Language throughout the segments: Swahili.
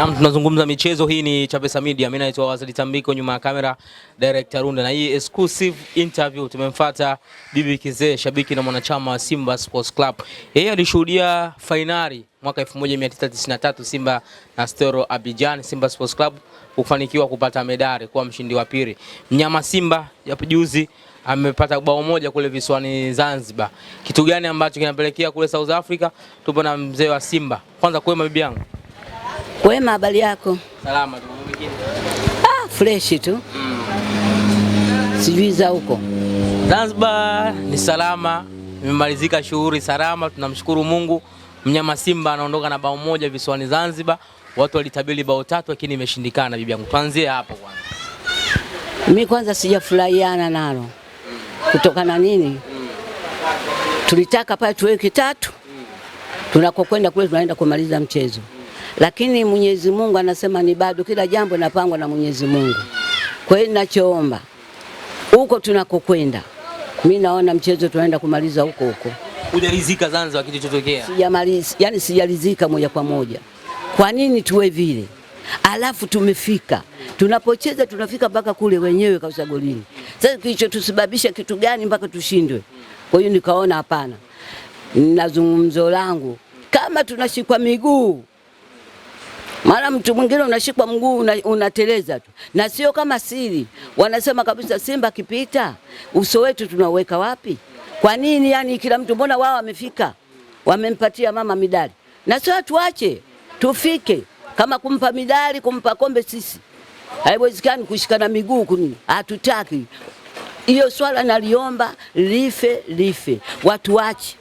Naam, tunazungumza michezo. Hii ni Chapesa Media. Mimi naitwa Wazili Tambiko, nyuma ya kamera director Runda, na hii exclusive interview tumemfuata Bibi Kizee, shabiki na mwanachama wa Simba Sports Club. Yeye alishuhudia fainali mwaka 1993 Simba na Stero Abidjan. Simba Sports Club kufanikiwa kupata medali kuwa mshindi wa pili. Mnyama Simba hapo juzi amepata bao moja kule visiwani Zanzibar. Kitu gani ambacho kinapelekea kule South Africa? Tupo na mzee wa Simba. Kwanza kwema bibi yangu Wema, habari yako? Salama tu. Ah, freshi tu mm. Sijui za huko Zanzibar ni salama, imemalizika shughuli salama, tunamshukuru Mungu. Mnyama Simba anaondoka na bao moja visiwani Zanzibar. Watu walitabiri bao tatu, lakini imeshindikana. Bibi yangu, tuanzie hapo kwanza. Mimi kwanza sijafurahiana nalo mm. kutokana nini mm. tulitaka pale tuweke tatu mm. tunakokwenda kule tunaenda kumaliza mchezo lakini Mwenyezi Mungu anasema ni bado kila jambo linapangwa na Mwenyezi Mungu. Kwa hiyo ninachoomba huko tunakokwenda, mi naona mchezo tunaenda kumaliza huko huko. Hujalizika Zanzibar kilichotokea? Sijamaliza, yani sijalizika moja kwa moja. Kwa nini tuwe vile? Alafu tumefika tunapocheza tunafika mpaka kule wenyewe kausha golini. Sasa kilichotusababisha kitu gani mpaka tushindwe? Kwa hiyo nikaona hapana, na zungumzo langu kama tunashikwa miguu mara mtu mwingine unashikwa mguu una, unateleza tu, na sio kama siri. Wanasema kabisa Simba kipita uso wetu tunaweka wapi? Kwa nini yani kila mtu? Mbona wao wamefika wamempatia mama midali, na sio tuache tufike kama kumpa midali kumpa kombe, sisi haiwezekani kushikana miguu kuni, hatutaki hiyo swala. Naliomba life life, watu wache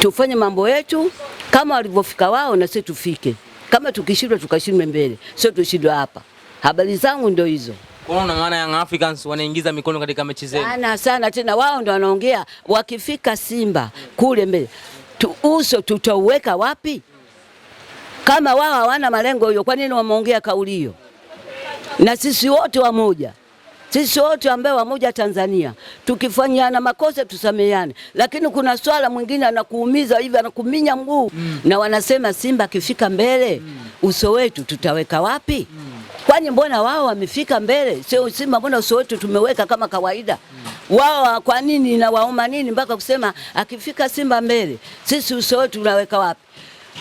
tufanye mambo yetu kama walivyofika wao, na sisi tufike. Kama tukishindwa tukashindwe mbele, sio tushindwe hapa. Habari zangu ndio hizo. Unaona maana Young Africans wanaingiza mikono katika mechi zenu sana sana, tena wao ndio wanaongea. Wakifika Simba kule mbele tu, uso tutauweka wapi? Kama wao hawana malengo hiyo, kwa nini wameongea kauli hiyo? Na sisi wote wamoja. Sisi wote ambao wamoja Tanzania, tukifanyana makosa tusameheane, lakini kuna swala mwingine anakuumiza hivi anakuminya mguu mm. na wanasema Simba akifika mbele mm. uso wetu tutaweka wapi? mm. Kwani mbona wao wamefika mbele, sio Simba? Mbona uso wetu tumeweka kama kawaida? mm. wao kwa nini na waoma nini mpaka kusema akifika Simba mbele, sisi uso wetu tunaweka wapi?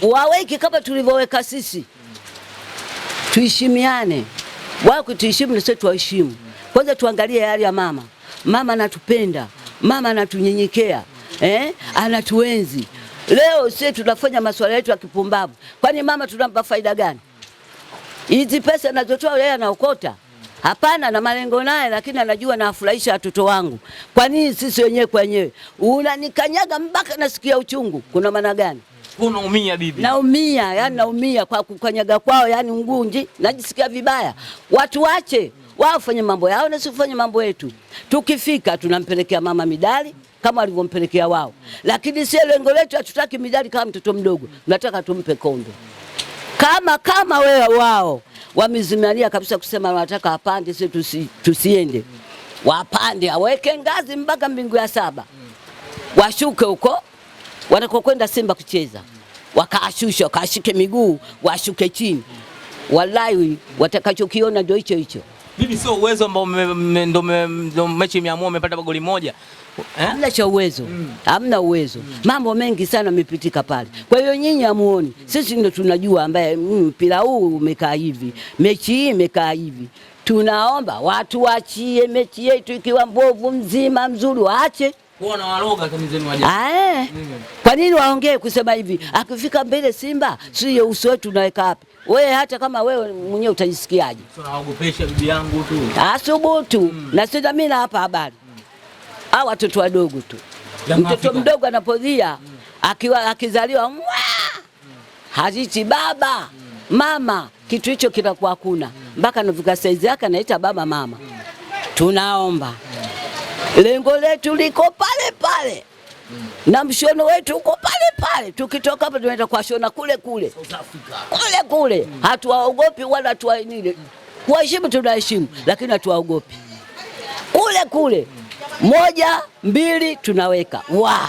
Waweki kama tulivyoweka sisi, mm. tuheshimiane wao kutuheshimu na sisi tuwaheshimu. Kwanza tuangalie hali ya mama. Mama anatupenda, mama anatunyenyekea, eh? Anatuenzi. Leo sisi tunafanya masuala yetu ya kipumbavu, kwani mama tunampa faida gani? Hizi pesa anazotoa yeye anaokota Hapana, na malengo naye, lakini anajua nawafurahisha watoto wangu. Kwa nini sisi wenyewe kwa wenyewe? Unanikanyaga mpaka nasikia uchungu, kuna maana gani? Unaumia bibi? Naumia, yani naumia kwa kukanyaga kwao, yani ngunji, najisikia vibaya. Watu wache wafanye mambo yao na sifanye mambo yetu. Tukifika tunampelekea mama midali kama walivyompelekea wao, lakini sio lengo letu. Hatutaki midali kama mtoto mdogo, tunataka tumpe kondo kama kama wewe. Wao wamezimalia kabisa kusema wanataka apande, sisi tusi, tusiende. Wapande aweke ngazi mpaka mbingu ya saba, washuke huko wanakokwenda Simba kucheza, wakaashusha wakaashike miguu washuke chini, wallahi watakachokiona ndio hicho hicho. Mimi sio uwezo ambao ndo mechi imeamua umepata goli moja. Eh? Hamna cha uwezo, mm. hamna uwezo. Mm. Mambo mengi sana yamepitika pale, kwa hiyo nyinyi hamuoni, sisi ndio tunajua ambaye mm, mpira huu umekaa hivi, mechi hii imekaa hivi. Tunaomba watu waachie mechi yetu ikiwa mbovu, mzima mzuri waache Ah, eh. Kwa nini waongee kusema hivi? Akifika mbele Simba sio uso wetu unaweka wapi? Wewe hata kama wewe mwenyewe utajisikiaje? Tunaogopesha bibi yangu tu. Asubutu mm. na sio mimi na hapa habari mm. au watoto wadogo tu, mtoto mdogo anapolia mm. akiwa akizaliwa mm. haziti baba mm. mama, kitu hicho kinakuwa hakuna mm. mpaka mm. anafika saizi yake anaita baba mama tunaomba lengo letu liko pale pale mm. na mshono wetu uko pale pale. Tukitoka hapa tunaenda kwa shona kule kule kule kule mm. hatuwaogopi wala tuwainile mm. kuwaheshimu, tunaheshimu mm. lakini hatuwaogopi kule kule mm. moja mbili tunaweka wa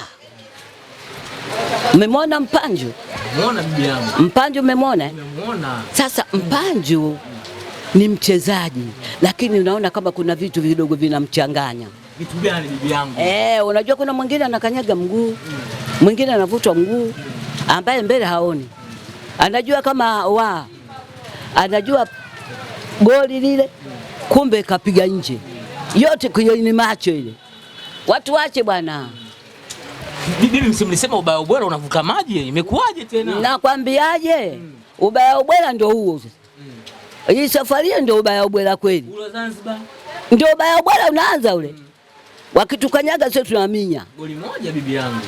umemwona Mpanju? Mmemwona bibi yangu. Mpanju umemwona Sasa mm. Mpanju ni mchezaji, lakini unaona kama kuna vitu vidogo vinamchanganya. Vitu gani bibi yangu? Eh, unajua kuna mwingine anakanyaga mguu mwingine anavutwa mguu ambaye mbele haoni, anajua kama wa anajua goli lile, kumbe kapiga nje, yote kwenye macho ile. Watu wache bwana. Bibi, msimlisema ubaya ubwela unavuka maji, imekuwaje tena? Nakwambiaje? mm. ubaya ubwela ndio huo sasa. mm. hii safari ndio ubaya ubwela kweli, ndio ubaya ubwela unaanza ule mm wakitukanyaga sio tunaminya goli moja, bibi yangu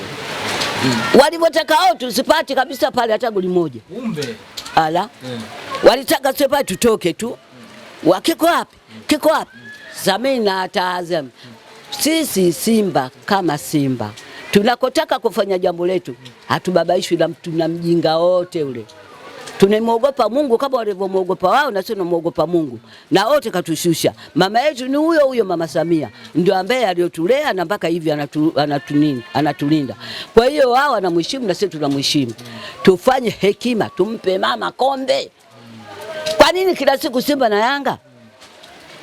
mm. Walivyotaka wao tusipati kabisa pale hata goli moja umbe ala mm. Walitaka sio pale tutoke tu mm. Wakiko wapi mm. Kiko wapi mm. Samii na hata mm. Sisi Simba kama Simba tunakotaka kufanya jambo letu hatubabaishwi na mtu na mjinga wote ule. Tunamwogopa Mungu kama walivyomwogopa wao, na sisi tunamwogopa Mungu na wote katushusha. Mama yetu ni huyo huyo, Mama Samia ndio ambaye aliyotulea na mpaka hivi anatu, nini, anatulinda. Kwa hiyo wao wanamheshimu na sisi tunamheshimu. Tufanye hekima, tumpe mama kombe. Kwa nini kila siku Simba na Yanga?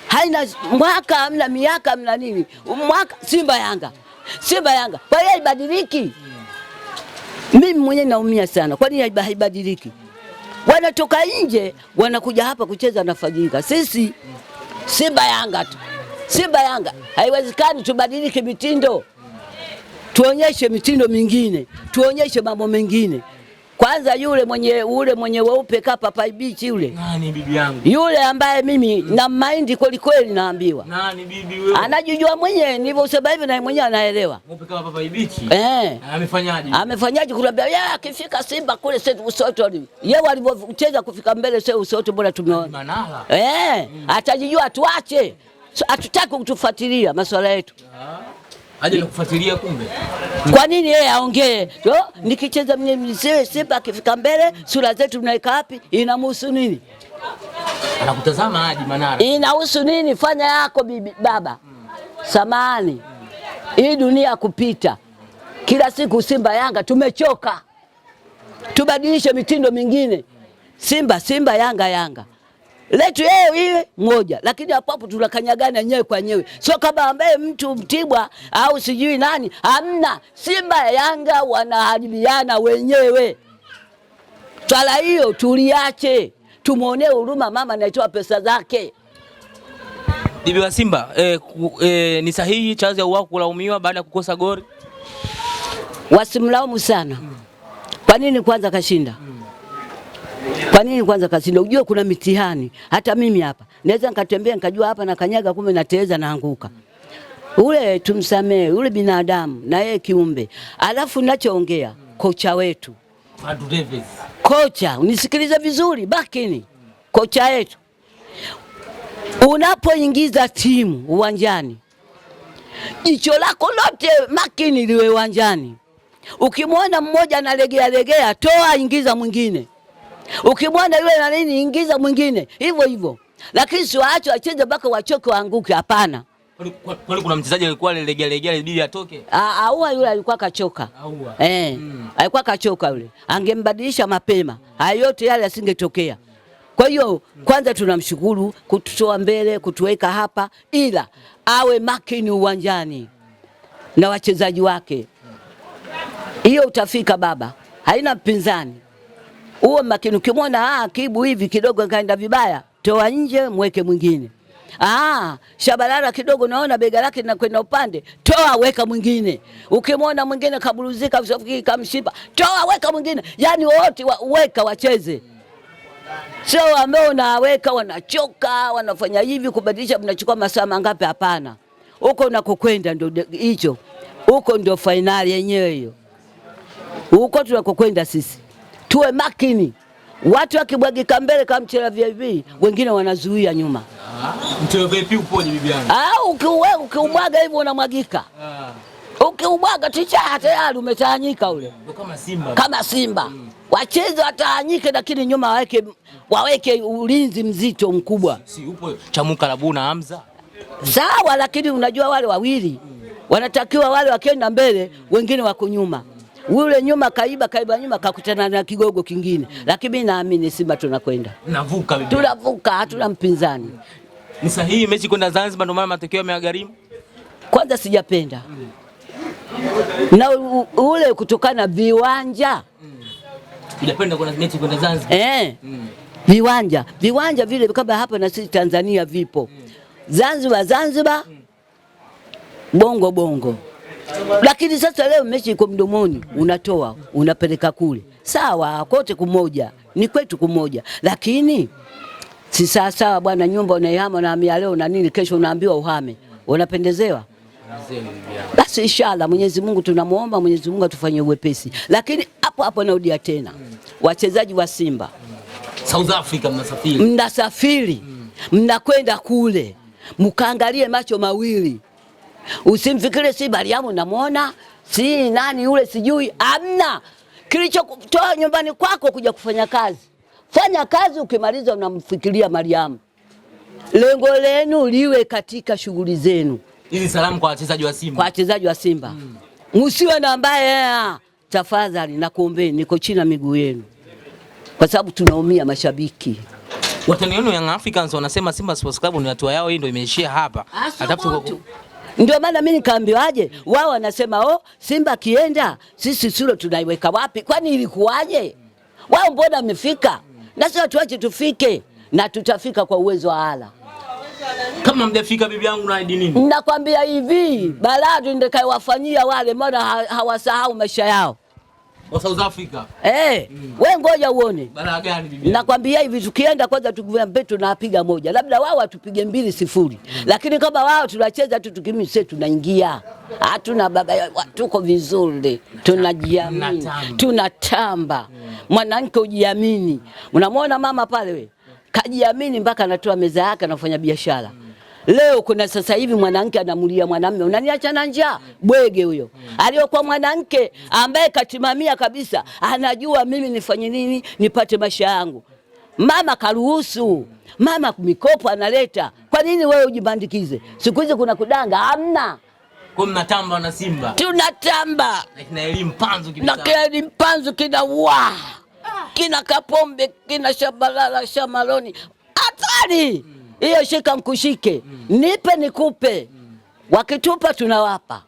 Haina mwaka hamna miaka hamna nini, mwaka Simba Yanga, Simba Yanga. Kwa hiyo haibadiliki. Mimi mwenyewe naumia sana, kwa nini haibadiliki? wanatoka nje wanakuja hapa kucheza na fanyika. Sisi Simba Yanga tu, Simba Yanga. Haiwezekani tubadilike mitindo, tuonyeshe mitindo mingine, tuonyeshe mambo mengine. Kwanza yule mwenye ule mwenye weupe kaa kapa bichi yule. Nani bibi yangu? Yule ambaye mimi mm. na maindi kweli kweli naambiwa. Nani bibi wewe? Anajijua mwenye nivyo nilivyosema hivi na mwenyewe anaelewa. Weupe kapa bichi Eh. Amefanyaje? Amefanyaje kuniambia ya akifika Simba kule sasa usoto ni. Yeye walivyocheza kufika mbele sasa usoto bora tumeona. Manala. Eh, mm. atajijua tuache. so, atutaki kutufuatilia masuala yetu. Ah. Aje nikufuatilia kumbe. Kwa nini yeye aongee? Nikicheza mzee Simba akifika mbele, sura zetu mnaweka wapi? Inamhusu nini? Anakutazama Haji Manara, inahusu nini? Fanya yako bibi, baba. samani hii dunia kupita, kila siku Simba Yanga tumechoka, tubadilishe mitindo mingine. Simba Simba, Yanga Yanga letu yeye ile ngoja, lakini hapo hapo tunakanyagana nyewe kwa nyewe, sio kama ambaye mtu Mtibwa au sijui nani. Hamna, Simba Yanga wanaharibiana wenyewe. Swala hiyo tuliache, tumwonee huruma mama anaitoa pesa zake. Bibi wa Simba eh, eh, ni sahihi chanzo ya wao kulaumiwa baada ya kukosa goli? Wasimlaumu sana. Kwa nini kwanza kashinda? Hmm. Kwa nini kwanza kasino? Unajua kuna mitihani. Hata mimi hapa naweza nikatembea nikajua hapa na kanyaga, kumbe nateleza naanguka. Ule tumsamee ule binadamu na yeye kiumbe. Alafu ninachoongea kocha wetu kocha unisikilize vizuri, bakini kocha wetu, unapoingiza timu uwanjani jicho lako lote makini liwe uwanjani. Ukimwona mmoja analegea legea, toa ingiza mwingine. Ukimwona yule na nini, ingiza mwingine hivyo hivyo, lakini siwaache wacheze mpaka wachoke waanguke. Hapana. Kwani kuna mchezaji alikuwa legea legea atoke? Ah, aua yule alikuwa kachoka. Eh, hmm. Alikuwa kachoka yule. Angembadilisha mapema. Hayo yote yale asingetokea. Kwa hiyo kwanza tunamshukuru kututoa mbele, kutuweka hapa ila awe makini uwanjani na wachezaji wake. Hiyo utafika baba. Haina mpinzani uwe makini. Ukimwona ah, Kibu hivi kidogo kaenda vibaya, toa nje, mweke mwingine. Ah, Shabalala kidogo naona bega lake linakwenda upande, toa weka mwingine. Ukimwona mwingine kaburuzika, kamshipa, toa weka mwingine. Yaani wote wa, weka wacheze Sio ambao unaweka wanachoka wanafanya hivi kubadilisha, mnachukua masaa mangapi? Hapana, huko unakokwenda ndio hicho, huko ndio fainali yenyewe hiyo, huko tunakokwenda sisi tuwe makini. Watu wakibwagika mbele kama mchela VIP, wengine wanazuia nyuma. VIP bibi yangu? Ah, ukiwe ukiumwaga hivyo unamwagika. Ah. Ukiumwaga ticha tayari umetaanyika ule. Kama simba. Kama simba. Hmm. Wacheze watawanyike, lakini nyuma waweke waweke ulinzi mzito mkubwa. Si, si upo Chamuka Labu na Hamza? Sawa, lakini unajua wale wawili mm. wanatakiwa wale wakienda mbele, wengine wako nyuma. Ule nyuma kaiba kaiba nyuma kakutana na kigogo kingine, lakini mimi naamini Simba tunakwenda tunavuka, tunavuka, hatuna mpinzani. Ni sahihi mechi kwenda Zanzibar, ndio maana matokeo yamegharimu. Kwanza sijapenda mm. na ule kutokana viwanja sijapenda kwenda mechi kwenda Zanzibar eh, mm. viwanja viwanja vile kama hapa na sisi Tanzania vipo mm. Zanzibar Zanzibar mm. bongo bongo lakini sasa leo mechi iko mdomoni, unatoa unapeleka kule, sawa, kote kumoja ni kwetu kumoja, lakini si sawa sawa bwana. Nyumba unaihama nahamia leo na nini, kesho unaambiwa uhame, unapendezewa basi. Inshallah, Mwenyezi Mungu tunamuomba Mwenyezi Mungu atufanyie uwepesi, lakini hapo hapo naudia tena, wachezaji wa Simba South Africa, mnasafiri mnasafiri, mnakwenda kule, mkaangalie macho mawili Usimfikire si Mariamu namwona, si nani yule sijui. Amna kilichotoa nyumbani kwako kuja kufanya kazi. Fanya kazi, ukimaliza unamfikiria Mariamu. Lengo lenu liwe katika shughuli zenu. Hizi salamu kwa wachezaji wa Simba, kwa wachezaji wa Simba hmm. msiwe hmm, na mbaya tafadhali, nakuombeni, niko chini ya miguu yenu, kwa sababu tunaumia mashabiki watani wenu Young Africans wanasema Simba Sports Club ni hatua yao, hii ndio imeishia hapa. Ah, ndio maana mimi nikaambiwaje, wao wanasema oh, Simba kienda, sisi sulo tunaiweka wapi? Kwani ilikuwaje? Wao mbona wamefika, na watuache tufike, na tutafika kwa uwezo wa Allah. Kama mjafika bibi yangu na dini nini, nakwambia hivi, balaa ndio kawafanyia wale, maana hawasahau maisha yao. Wa South Africa. Eh, mm. Wewe ngoja uone. Bana gani bibi? Nakwambia hivi tukienda kwanza tukiambia tunapiga moja. Labda wao watupige mbili sifuri. Mm. Lakini kama wao tunacheza tu tukimisi tunaingia. Hatuna baba tuko vizuri. Tunajiamini. Tunatamba. Mm. Mwanamke ujiamini. Unamwona mama pale we? Kajiamini mpaka anatoa meza yake anafanya biashara. Mm. Leo kuna sasa hivi mwanamke anamulia mwanamume, unaniacha na njaa bwege. Huyo hmm. aliyokuwa mwanamke ambaye katimamia kabisa, anajua mimi nifanye nini nipate maisha yangu. Mama karuhusu, mama mikopo analeta. Kwa nini wewe ujibandikize? Siku hizi kuna kudanga, hamna mnatamba na Simba tunatamba na elimu Mpanzu kina wa ah. kina Kapombe kina Shabalala Shamaloni hatari hiyo shika mkushike, mm. nipe nikupe. Mm. Wakitupa tunawapa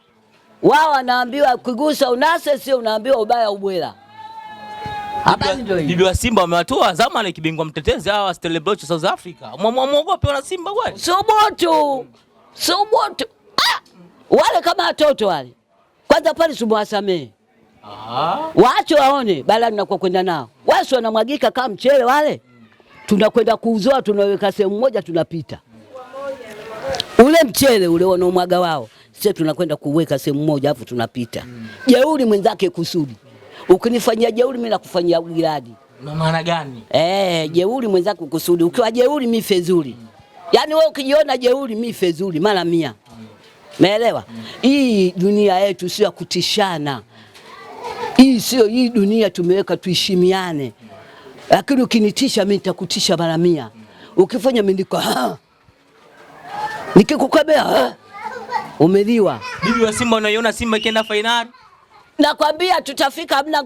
wao, wanaambiwa kugusa unase, sio unaambiwa ubaya ubwela. Bibi wa Simba wamewatoa Zamalek, kibingwa mtetezi hawa Stellenbosch South Africa. Mwamuogope wana Simba kweli? Subutu, subutu ah! wale kama watoto wale, kwanza pale sumuwasamehe wacho waone, balaa mnakuwa kwenda nao wasi wanamwagika kama mchele wale tunakwenda kuuzoa, tunaweka sehemu moja, tunapita ule mchele ule wanaomwaga wao, sisi tunakwenda kuweka sehemu moja, afu tunapita mm. Jeuri mwenzake kusudi, ukinifanyia jeuri mimi nakufanyia giladi. Na maana gani? Eh, jeuri mwenzake kusudi, ukiwa jeuri mimi fezuri mm. Yaani wewe ukijiona jeuri mimi fezuri mara mia mm. mm. Hii dunia yetu sio ya kutishana, hii sio hii dunia tumeweka, tuheshimiane mm lakini ukinitisha mimi nitakutisha mara mia. Ukifanya mimi niko nikikukabea umeliwa. Bibi wa Simba, unaiona Simba ikienda fainali? Nakwambia tutafika, hamna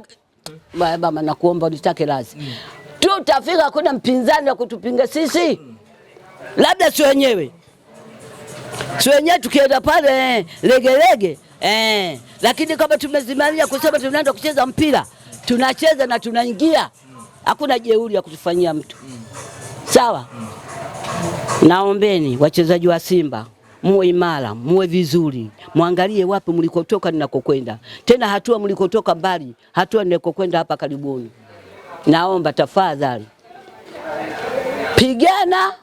baba, nakuomba unitake lazi mm. Tutafika, kuna mpinzani wa kutupinga sisi mm. Labda si wenyewe, si wenyewe tukienda pale legelege eh, eh, lakini kama tumezimalia kusema tunaenda kucheza mpira, tunacheza na tunaingia hakuna jeuri ya kutufanyia mtu mm. Sawa mm. Naombeni wachezaji wa Simba muwe imara, muwe vizuri, mwangalie wapi mlikotoka ninakokwenda, tena hatua mlikotoka mbali, hatua ninakokwenda hapa karibuni. Naomba tafadhali, pigana,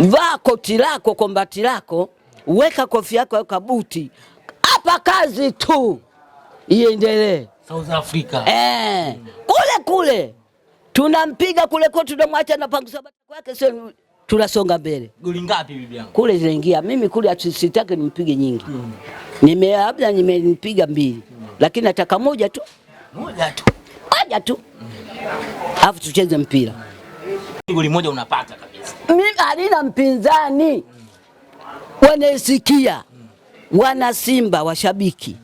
vaa koti lako, kombati lako, weka kofia yako, weka buti hapa, kazi tu iendelee South Africa eh, kule kule tunampiga kule kwetu, tunamwacha na pangu sabata yake, sio tunasonga mbele. Goli ngapi bibi yangu? Kule zinaingia. Mimi kule sitaki nimpige nyingi. Mm. Nime labda nimempiga mbili. Mm. Lakini nataka moja tu. Moja tu. Moja tu. Mm. Alafu tucheze mpira. Goli moja unapata kabisa. Mimi alina mpinzani. Mm. wanaesikia Mm. Wana Simba washabiki.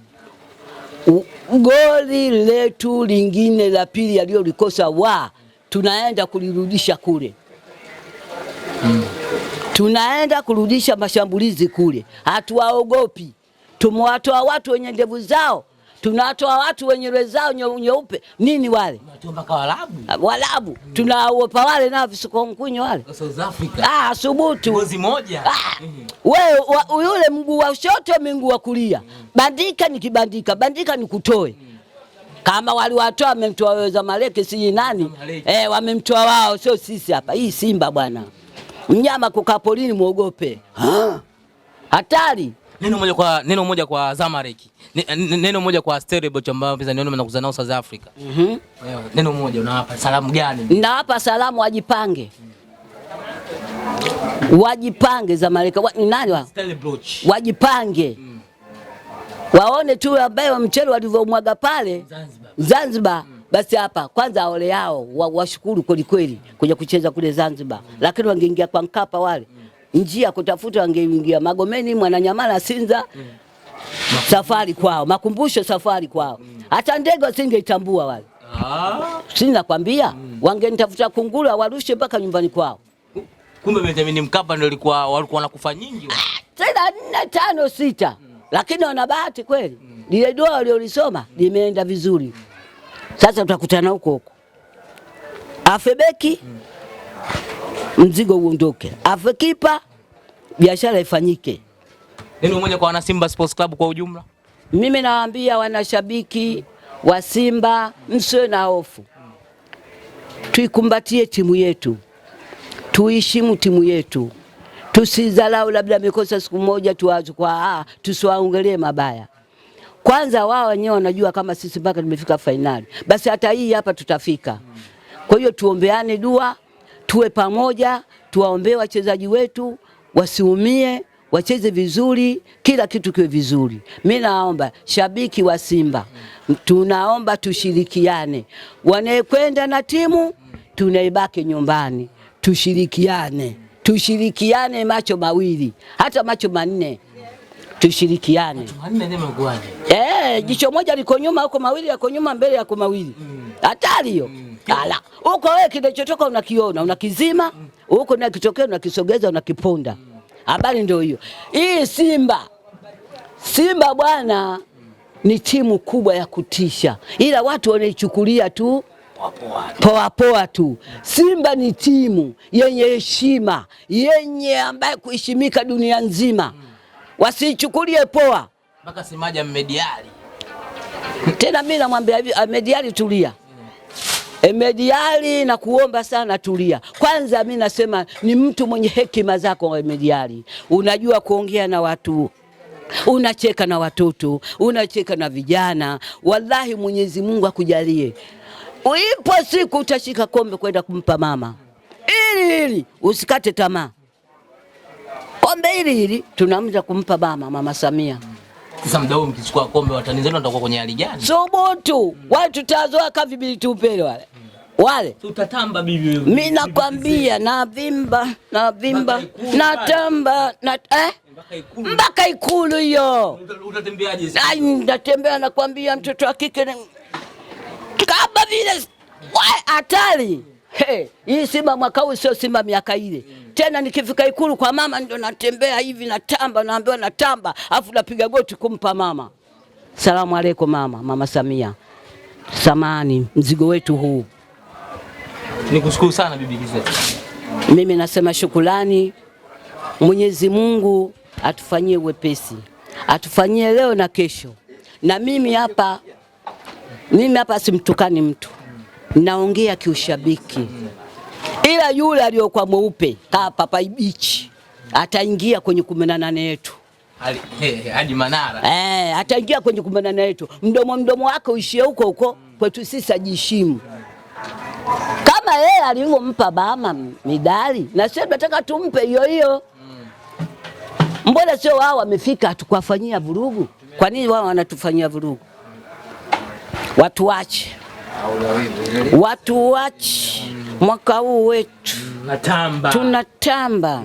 Mm goli letu lingine la pili aliyolikosa wa tunaenda kulirudisha kule mm. Tunaenda kurudisha mashambulizi kule, hatuwaogopi. Tumewatoa watu wenye ndevu zao tunawatoa watu wenye rezao nyeupe nini wale Walabu, ah, Walabu. Hmm. Tunaopa wale nao visuko mkunyo wale Ah, subutu ngozi moja ah, wewe mm-hmm. yule mguu wa ushoto mguu wa kulia hmm. Bandika nikibandika bandika nikutoe hmm. Kama waliwatoa wamemtoa wewe maleke siji nani eh, wamemtoa wao, sio sisi hapa. Hii Simba bwana, mnyama kukapolini mwogope, hatari. Neno moja kwa neno moja kwa Zamaleki neno moja kwa Asterable ambao pesa niona mnakuza nao South Africa. Mhm. Neno moja unawapa salamu gani? Nawapa salamu wajipange. Wajipange za Malaika. Wa, nani wao? Wajipange. Mm. Waone tu ambaye mchele walivyomwaga pale Zanzibar. Zanzibar. Mm. Basi hapa kwanza ole yao washukuru wa kweli kweli kuja kucheza kule Zanzibar. Mm. Lakini wangeingia kwa Mkapa wale. Mm. Njia kutafuta wangeingia Magomeni, Mwananyamala, Sinza. Mm safari kwao, makumbusho safari kwao, hata ndege wasingeitambua wale. Ah. si nakwambia wangenitafuta kunguru warushe mpaka nyumbani kwao. Kumbe Benjamin Mkapa ndio alikuwa walikuwa wanakufa nyingi ah, tena nne tano sita, lakini wana bahati kweli, lile dua waliolisoma limeenda vizuri. Sasa tutakutana huko huko, afebeki mzigo uondoke, afekipa biashara ifanyike. Nini umoja kwa wana Simba Sports Club kwa ujumla? Mimi nawaambia wanashabiki wa Simba msiwe na hofu, tuikumbatie timu yetu, tuishimu timu yetu, tusizalau labda mikosa siku moja tuwazukwa, ah, tusiwaongelee mabaya. Kwanza wao wenyewe wanajua kama sisi mpaka tumefika fainali, basi hata hii hapa tutafika. Kwa hiyo tuombeane dua, tuwe pamoja, tuwaombee wachezaji wetu wasiumie wacheze vizuri, kila kitu kiwe vizuri. mi naomba shabiki wa Simba, tunaomba tushirikiane, wanayekwenda na timu tunaibaki nyumbani, tushirikiane, tushirikiane macho mawili, hata macho manne tushirikiane eh, jicho moja liko nyuma huko, mawili yako nyuma, mbele yako mawili. Mm. Hatari hiyo. Mm, Ala, huko wewe kinachotoka unakiona, unakizima mm. huko, na kitokea unakisogeza, unakiponda. Habari ndio hiyo. Hii Simba, Simba bwana ni timu kubwa ya kutisha, ila watu wanaichukulia tu poa poa tu. Simba ni timu yenye heshima, yenye ambaye kuheshimika dunia nzima, wasiichukulie poa. Mpaka Simaja mmediali tena, mimi namwambia hivi, amediali tulia emediali na kuomba sana, tulia kwanza. Mi nasema ni mtu mwenye hekima zako Emediali, unajua kuongea na watu unacheka na watoto, unacheka na vijana. Wallahi, Mwenyezi Mungu akujalie, ipo siku utashika kombe kwenda kumpa mama, ili ili usikate tamaa. Kombe hili hili tunamza kumpa mama, Mama Samia. Sasa mdau, mkichukua kombe watani zenu watakuwa kwenye hali gani? Subutu mm. wale tutazoa kavi bili tupele wale wale tutatamba bibi, mimi nakwambia, na vimba na vimba na tamba na eh mpaka Ikulu hiyo utatembeaje? Ai, natembea nakwambia, mtoto wa kike kama vile hatari. Hey, hii Simba mwaka huu sio Simba miaka ile. Mm tena nikifika Ikulu kwa mama ndio natembea hivi natamba, naambiwa natamba, afu napiga goti kumpa mama. Salamu aleikum mama, mama Samia, samani mzigo wetu huu. Nikushukuru sana bibi Giza. Mimi nasema shukulani Mwenyezi Mungu atufanyie wepesi, atufanyie leo na kesho. Na mimi hapa mimi hapa simtukani mtu, naongea kiushabiki ila yule aliyokuwa mweupe kaa papai ataingia kwenye kumi na nane yetu hadi Manara eh, ataingia kwenye kumi na nane yetu. Mdomo mdomo wake uishie huko huko kwetu sisi, ajishimu kama yeye alivyompa bama midali, na sisi tunataka tumpe hiyo hiyo. Mm. Mbona sio wao wamefika, hatukuwafanyia vurugu? Kwa nini wao wanatufanyia vurugu? Watu wache, watu wache mwaka huu wetu tunatamba, Tunatamba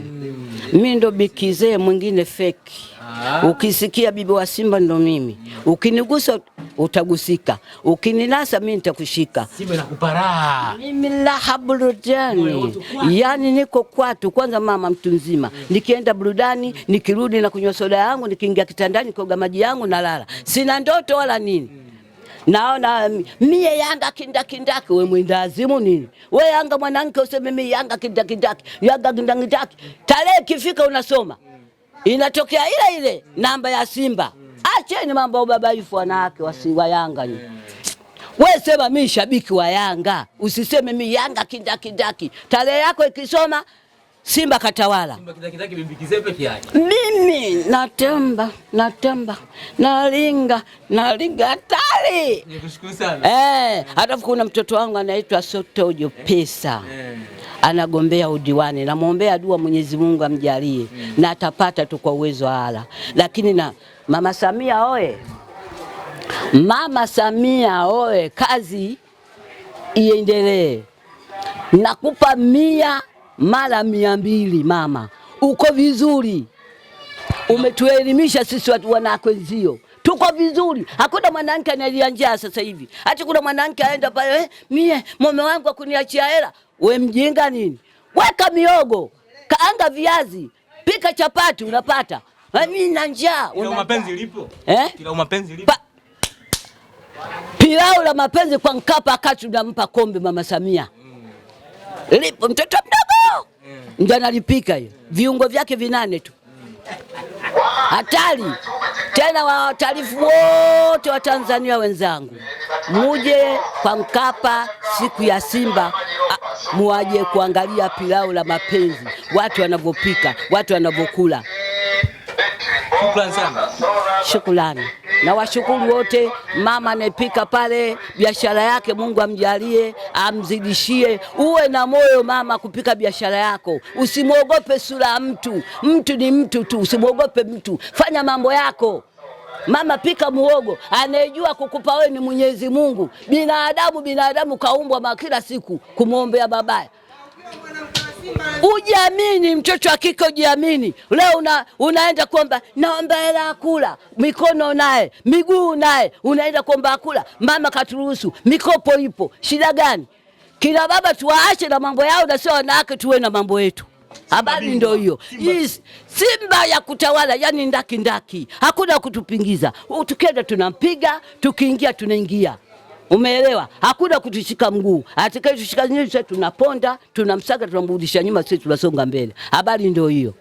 Mi ndo bikizee mwingine feki ah. Ukisikia bibi wa Simba ndo mimi, ukinigusa utagusika, ukininasa mi nitakushika. Simba inakupara mimi, laha burudani, yani niko kwatu kwanza, mama mtu mzima. Nikienda burudani, nikirudi na kunywa soda yangu, nikiingia kitandani, nikoga maji yangu, nalala, sina ndoto wala nini naona mie Yanga kindakindaki, we mwindazimu nini? We Yanga mwanamke useme mie Yanga kindakindaki, Yanga kindakindaki, tarehe ikifika unasoma inatokea ile ile namba ya Simba. Acheni mambo ya ubabaifu, wanawake wa Yanga ni we sema mi shabiki wa Yanga, usiseme mi Yanga kindakindaki. Tarehe yako ikisoma Simba katawala. Mimi natamba, natamba, nalinga, nalinga hatari. Nikushukuru sana. Eh, halafu kuna mtoto wangu anaitwa Sotojo Pesa. Eh. Anagombea udiwani, namwombea dua Mwenyezi Mungu amjalie mm. na atapata tu kwa uwezo wa Allah. Lakini na Mama Samia oye. Mama Samia oye, kazi iendelee. Nakupa mia mara mia mbili. Mama uko vizuri, umetuelimisha sisi watu wanakwenzio tuko vizuri, hakuna mwanamke analia njaa sasa hivi. Hata kuna mwanamke aenda pale, eh, mie mume wangu akuniachia hela. We mjinga nini? Weka miogo, kaanga viazi, pika chapati, unapata. Eh, mimi na njaa, mapenzi lipo eh? Kila mapenzi lipo pilau la mapenzi kwa Mkapa, akati unampa kombe mama Samia mm. lipo mtoto mdogo Eh. ndio analipika hiyo, viungo vyake vinane tu. Hatari tena, wawataarifu wote wa Tanzania wenzangu, muje kwa Mkapa siku ya Simba, muwaje kuangalia pilau la mapenzi, watu wanavyopika, watu wanavyokula. Shukrani sana. Shukrani na washukuru wote. Mama amepika pale, biashara yake, Mungu amjalie, amzidishie. Uwe na moyo mama kupika biashara yako, usimwogope sura ya mtu. Mtu ni mtu tu, usimwogope mtu, fanya mambo yako. Mama pika muogo anayejua kukupa wewe ni Mwenyezi Mungu. Binadamu binadamu kaumbwa kila siku kumwombea babaye Ujiamini, mtoto wa kike ujiamini. Leo una, unaenda kuomba, naomba hela ya kula, mikono naye miguu naye, unaenda kuomba kula mama katuruhusu, mikopo ipo, shida gani? Kina baba tuwaache na mambo yao, na sio wanawake tuwe na mambo yetu. Habari ndio hiyo, Simba ya kutawala, yani ndaki ndaki, hakuna kutupingiza. Tukienda tunampiga, tukiingia tunaingia. Umeelewa? Hakuna kutushika mguu, tushika nyuma tunaponda, tunamsaga, tunamrudisha nyuma, sisi tunasonga mbele. Habari ndio hiyo.